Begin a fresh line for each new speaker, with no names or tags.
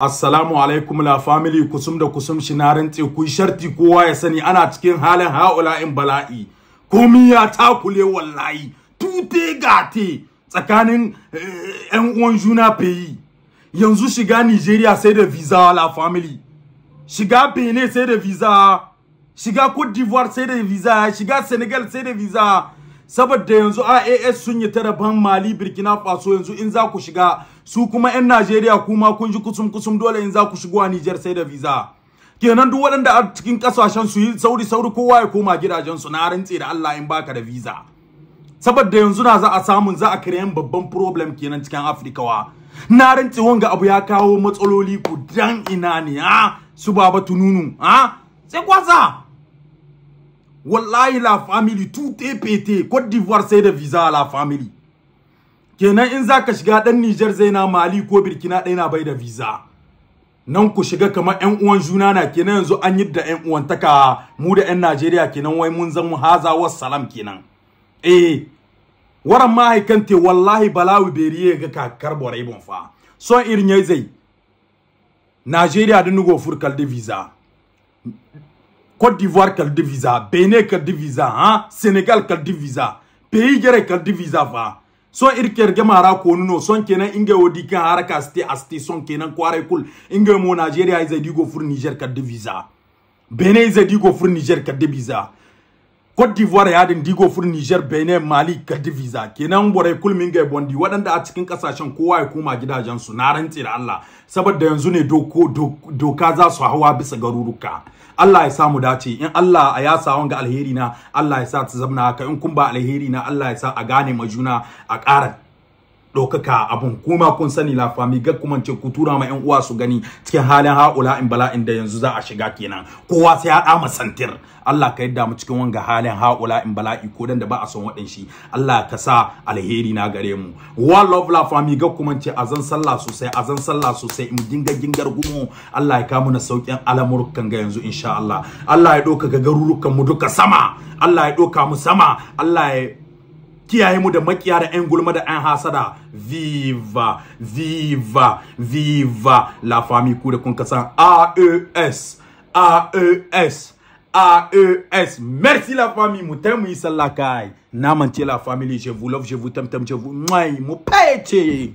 Assalamu alaikum la family kusum da kusum shi na rantse ku sharti kowa ya sani ana cikin halin haula'in bala'i komi ya takule wallahi tute gate tsakanin eh, yan uwan juna peyi yanzu shiga Nigeria sai da visa la family shiga Benin sai da visa shiga Cote d'Ivoire sai da visa shiga Senegal sai da visa saboda yanzu AAS sun yi ban Mali Burkina Faso yanzu in za ku shiga su kuma 'yan Najeriya kuma kun ji kusum kusum dole in za ku shigo a Niger sai da visa kenan duk waɗanda a cikin kasashen su yi sauri sauri kowa ya koma gidajensu na rantse da Allah in baka da visa saboda yanzu na za a samun za a kiran babban problem kenan cikin wa na rantse wanga abu ya kawo matsaloli ku dan ina ne ha ah? su baba tununu ha ah? sai kwasa wallahi la famille tout est pété Côte d'Ivoire sai da visa à la famille kenan in zaka shiga dan Niger zai Mali ko birkina dai na bai da visa nan ku shiga kamar ƴan uwan juna na kenan yanzu an yi da ƴan uwan taka mu da ƴan Najeriya kenan wai mun zan haza wassalam kenan eh waran mahaikante wallahi balawi beriye ga kakar borai bon fa son irin yayi zai Najeriya dinugo furkal de visa Côte d'Ivoire kaldi visa, Bénin kaldi visa, hein? Sénégal kaldi visa, pays gere kaldi visa va. So irker gemara konuno son kenan inge wodi kan haraka asti asti son kenan kware kul inge mo Nigeria izadi go fur Niger kaldi visa. Bénin izadi go fur Niger kaldi visa. Cote d'Ivoire ya din digo fur Niger, Benin, Mali, Kadi visa. Kenan bore kulmin ga bondi waɗanda a cikin kasashen kowa ya koma gidajen su na rantsi da Allah. Saboda yanzu ne doko doka za su hawa bisa garuruka. Allah ya samu dace in Allah a ya sa wanga alheri na Allah ya sa ta zamna haka in kun ba alheri na Allah ya sa a gane majuna a ƙara ɗaukaka abun kuma kun sani la fami ga kuma ce ku tura ma yan uwa su gani cikin halin haula in bala'in da yanzu za a shiga kenan kowa sai ya dama santir Allah ka yadda mu cikin wanga halin haula in bala'i ko dan da ba a son wadin shi Allah ka sa alheri na gare mu one love la fami ga kuma ce azan sallah sosai azan sallah sosai mu dinga gingar gumo Allah ya kawo na saukin alamurkan ga yanzu insha Allah Allah ya ɗaukaka garurukan mu duka sama Allah ya ɗauka mu sama Allah ya Qui de da makiya da de gulma da un hasada viva viva viva la famille ku da kun kasan aes aes AES. E Merci la famille. kai Isalakai. Namantie la famille. Je vous love, je vous t'aime, je vous mon